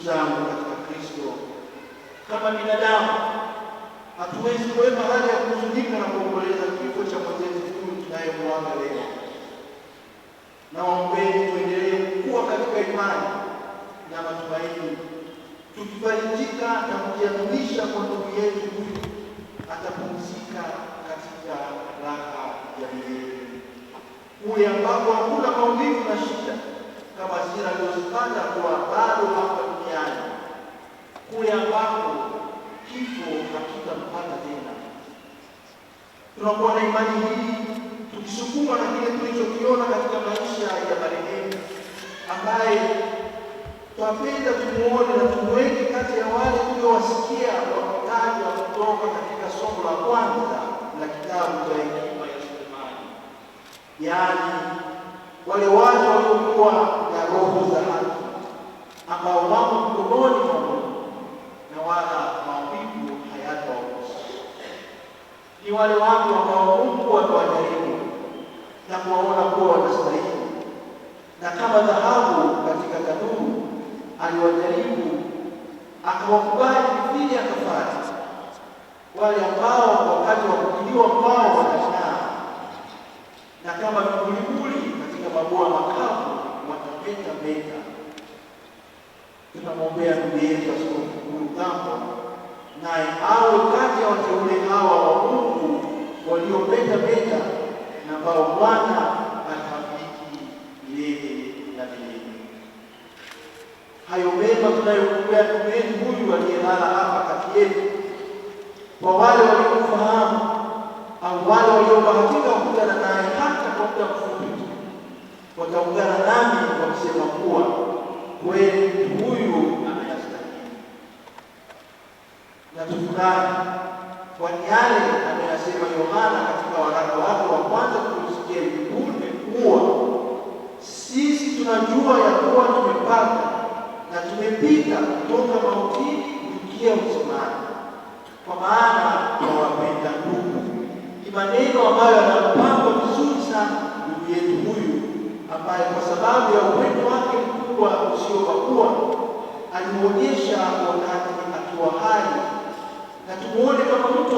Ndugu zangu katika Kristo, kama binadamu hatuwezi kuweka hali ya kuhuzunika na kuomboleza kifo cha mwenzetu huyu tunayemwaga leo. Naombeni tuendelee kuwa katika imani na matumaini, tukifarijika na kujiaminisha kwa ndugu yetu huyu atapumzika katika raha ya milele kule ambapo hakuna maumivu na shida kama sira aliyozipata imani hii tukisukumwa na kile tulichokiona katika maisha ya marehemu, ambaye twapenda tumuone na tumuweke kati ya wale tuliowasikia wakutajwa kutoka katika somo la kwanza la kitabu cha Hekima ya Sulemani, yaani wale watu waliokuwa na roho za haki ambao wako mkononi mwa Mungu na wala ni wale watu ambao Mungu amewajaribu na kuwaona kuwa wanastahili, na kama dhahabu katika tanuru aliwajaribu, akawakubali dhidi ya Wale ambao wakati wa kujiliwa kwao wanashaa na kama vivulivuli katika mabua makavu watapeta peta. Tunamwombea ndugu yetu Askofu Mkuu Gambo, naye awe kati ya wateule hawa wa Mungu waliopenda mema na ambao Bwana atabariki milele na milele. Hayo mema tunayokumbea ndugu yetu huyu aliyelala hapa kati yetu, kwa wale waliofahamu au wale waliobahatika kukutana naye hata kwa muda mfupi, wataungana nami wakisema kuwa kweli huyu anayastahili na tufurahi kwani yale anayosema Yohana katika waraka wake wa kwanza kuisikia mkunde kuwa sisi tunajua ya kuwa tumepata na tumepita kutoka mautini kuingia uzimani, kwa maana wawapenda ndugu. Ni maneno ambayo yanampangwa vizuri sana ndugu yetu huyu, ambaye kwa sababu ya upendo wake mkubwa usio wa kuwa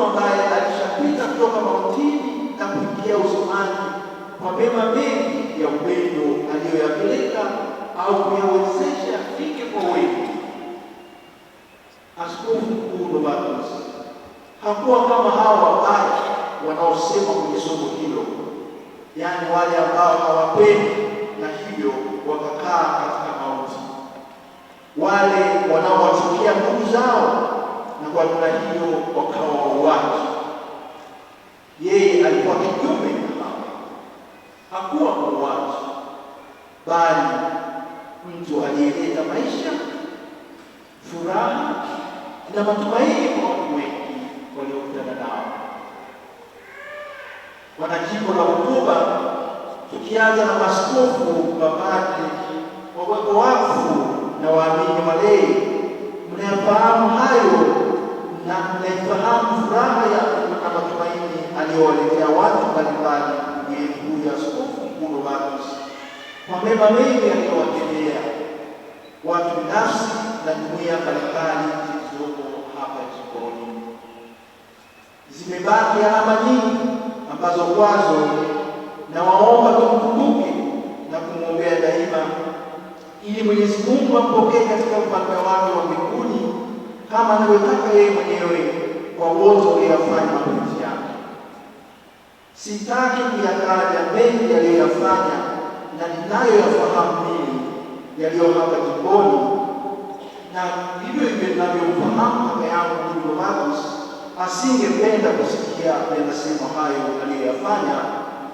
ambaye alishapita kutoka mautini na kuingia uzimani kwa mema mengi ya upendo aliyoyapeleka au kuyawezesha fike kwa wengi. Askofu Mkuu Novatus hakuwa kama hawa wabaki wanaosema kwenye somo hilo, yaani wale ambao hawapendi na hivyo wakakaa katika mauti, wale wanaowachukia ndugu zao na kwa namna hiyo wakawa wauaji. Yeye alikuwa kinyume na hapo, hakuwa muuaji, bali mtu aliyeleta maisha, furaha na matumaini kwa watu wengi waliokutana nao. Wana jimbo la Bukoba, tukianza na maskofu, mapadri, waweko wafu na waamini walei, mnayafahamu hayo na naifahamu furaha ya na matumaini aliyowaletea watu mbalimbali miezi huu ya Askofu Mkuu Novatus kwa mema mengi aliyowatendea watu binafsi na jumuiya mbalimbali zilizoko hapa jikoni Zimebaki alama nyingi ambazo kwazo na waomba tumkumbuke na kumwombea daima, ili Mwenyezi Mungu ampokee katika ufalme wake wa mbinguni kama anavyotaka yeye mwenyewe kwa uozo uliyofanya mapenzi yake. Sitaki kuyataja mengi yaliyoyafanya na ninayoyafahamu mimi yaliyo hapa jikoni, na hivyo hivyo ninavyomfahamu kaka yangu ndugu Marcus, asingependa kusikia yanasema hayo aliyoyafanya,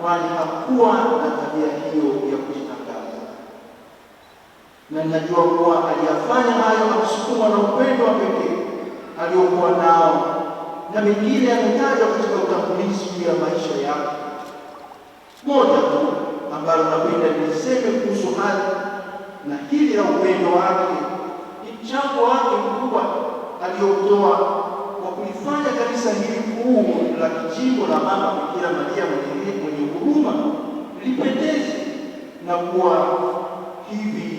kwani hakuwa na tabia hiyo ya na ninajua kuwa aliyafanya hayo akusukumwa na upendo wa pekee aliokuwa nao, na mengine yametajwa katika utangulizi juu ya maisha yake. Moja tu ambalo napenda niliseme kuhusu hali na hili la upendo wake ni mchango wake mkubwa aliyotoa kwa kulifanya kanisa hili kuu la kijimbo la Mama Bikira Maria mwenye huruma lipendeze na kuwa hivi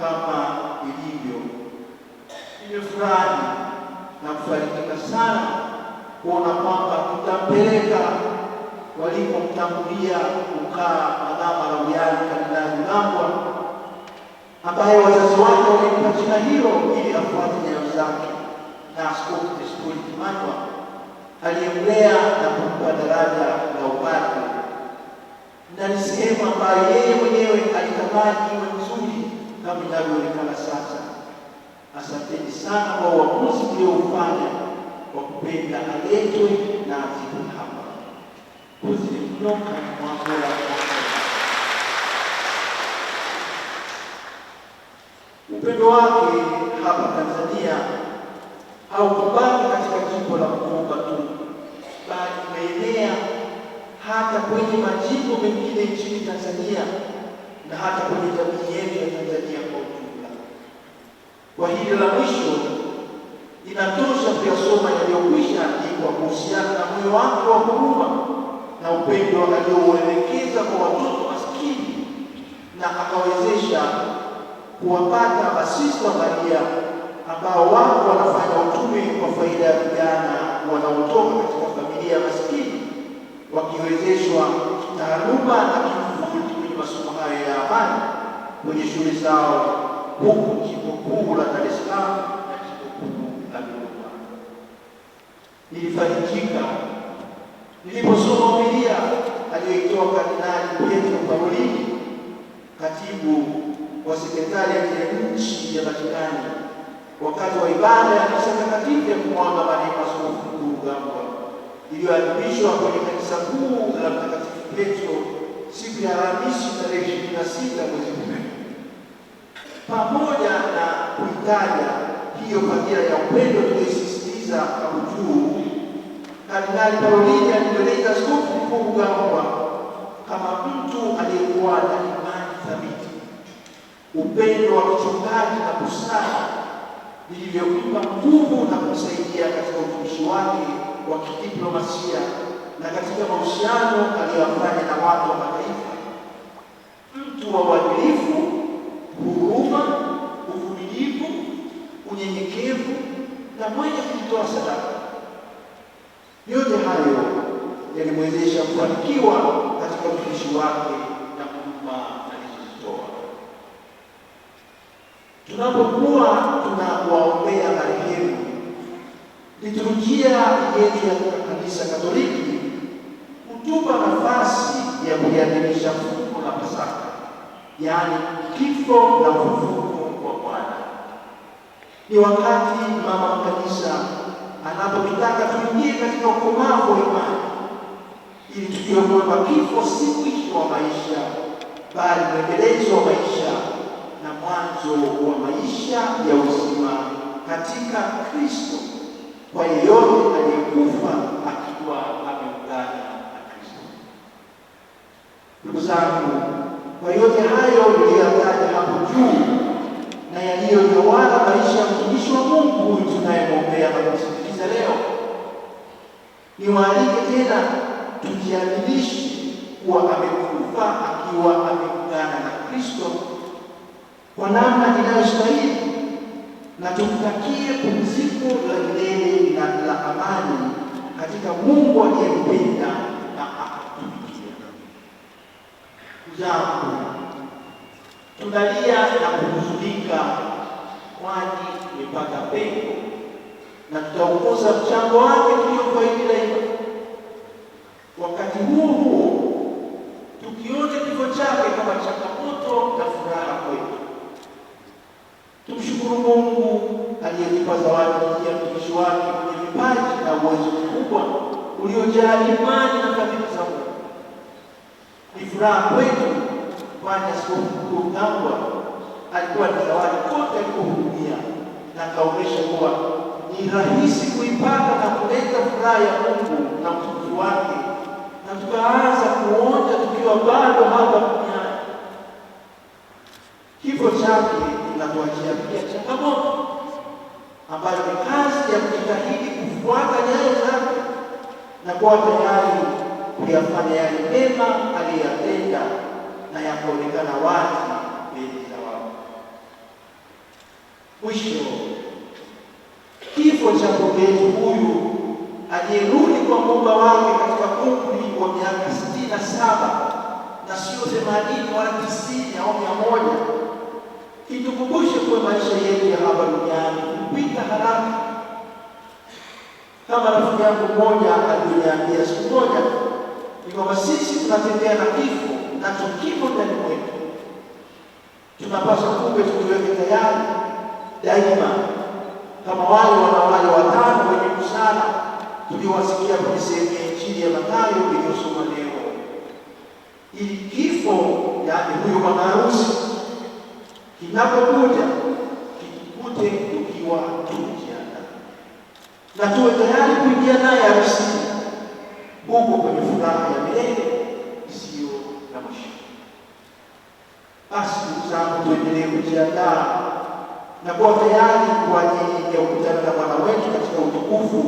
kama ilivyo. Nimefurahi na kufarijika sana kuona kwamba mtampeleka walipomtangulia kukaa Mwadhama Lauyani Kardinali Rugambwa ambaye wazazi wake walimpa jina hilo ili afuate nyayo zake na Askofu Desturi Kimanywa aliyemlea na kumpa daraja la upadre, na ni sehemu ambayo yeye mwenyewe alitamani sana kwa uamuzi ulioufanya kwa kupenda aletwe na azibu hapa kuzilimnyoka mwamula upendo wake hapa Tanzania haukubaki katika jimbo la Bukoba tu, bali umeenea hata kwenye majimbo mengine nchini Tanzania na hata kwenye jamii yetu ya Tanzania kwa kwa hili la mwisho inatosha kuyasoma yaliyokwisha andikwa kuhusiana na moyo wake wa huruma na upendo aliouelekeza kwa watoto maskini na akawezesha kuwapata masista Maria ambao wako wanafanya utume kwa faida ya vijana wanaotoka katika familia maskini, wakiwezeshwa taaluma na kiufundi kwenye masomo hayo ya amani kwenye shule zao huku jimbo kuu la Dar es Salaam na jimbo kuu la Dodoma. Nilifarijika niliposoma homilia aliyoitoa Kardinali Pietro Parolini, katibu wa sekretariati ya nchi ya Vatikani, wakati wa ibada ya misa takatifu ya kumwaga marehemu Askofu Mkuu Rugambwa iliyoadhimishwa kwenye kanisa kuu la Mtakatifu Petro siku ya Alhamisi tarehe 26 mwezi pamoja na kuitaja hiyo fadhila ya upendo tuliyosisitiza hapo juu, Kardinali Parolin alimweleza Askofu Mkuu Rugambwa kama mtu aliyekuwa na imani thabiti, upendo wa kichungaji na busara vilivyompa nguvu na kumsaidia katika utumishi wake wa kidiplomasia na katika mahusiano aliyofanya na watu wa mataifa, mtu wa uadilifu huruma, uvumilivu, unyenyekevu na mwenye kujitoa sadaka. Yote hayo yalimwezesha kufanikiwa katika utumishi wake na huduma alizozitoa. Tunapokuwa tunawaombea marehemu, liturujia yetu ya Kanisa Katoliki hutupa nafasi ya kuiadhimisha fungu la Pasaka yaani kifo na ufufuko wa Bwana. Ni wakati mama kanisa anapotutaka tuingie katika ukomavu wa imani, ili tujue kwamba kifo si mwisho wa maisha, bali mwendelezo wa maisha na mwanzo wa maisha ya uzima katika Kristo kwa yeyote aliyekufa akiwa ameungana na Kristo. Ndugu zangu kwa yote hayo niliyotaja hapo juu na yaliyotawala maisha ya mtumishi wa Mungu huyu tunayemwombea na kumsikiliza leo, niwaalike tena tujiaminishe kuwa amekufa akiwa ameungana na Kristo kwa namna inayostahili na tumtakie pumziko la milele na la amani katika Mungu aliyempenda yako. Tunalia na kuhuzunika, kwani tumepata pengo na tutaongoza mchango wake tuliofaidila hivi Wakati huo huo, tukiona kifo chake kama changamoto na furaha kwetu. Tumshukuru Mungu aliyelipa zawadi ya mtumishi wake kwenye vipaji na uwezo mkubwa uliojaa imani na fadhili za Mungu furaha kwetu, kwani Askofu Mkuu alikuwa na zawadi kote alikohudumia, na kaonesha kuwa ni rahisi kuipata na kuleta furaha ya Mungu na utukufu wake, na tukaanza kuonja tukiwa bado hapa duniani. Kifo chake kinatuachia pia changamoto ambayo ni kazi ya kujitahidi kufuata nyayo zake na kuwa tayari kuyafanya yale mema aliyoyatenda na yakaonekana wazi mbele za wao. Mwisho, kifo cha mwombezi huyu aliyerudi kwa mumba wake katika umri wa miaka sitini na saba na sio themanini wala tisini au mia moja kitukumbushe kuwa maisha yetu ya hapa duniani kupita haraka. Kama rafiki yangu mmoja aliyoniambia siku moja ni kwamba sisi tunatembea na kifo nacho kifo ndani mwetu. Tunapaswa kumbe tukiweke tayari daima, kama wale wanawali watano wenye busara tuliowasikia kwenye sehemu ya Injili ya Mathayo iliyosoma leo, ili kifo, yaani huyo bwana harusi kinapokuja kikikute tukiwa tujiandaa na tuwe tayari kuingia naye harusini huko kwenye furaha ya milele isiyo na mwisho. Basi ndugu zangu, tuendelee kujiandaa na kuwa tayari kwa ajili ya kukutana na Bwana wetu katika utukufu,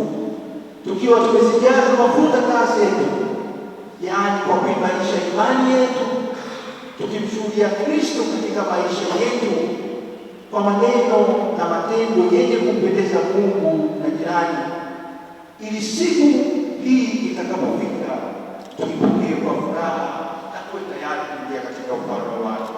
tukiwa tumezijaza mafuta taa zetu, yaani kwa kuimarisha imani yetu, tukimshuhudia Kristo katika maisha yetu kwa maneno na matendo yenye kumpendeza Mungu na jirani, ili siku hii itakapofika tuipokee kwa furaha na kuwe tayari kuingia katika ufalme wake.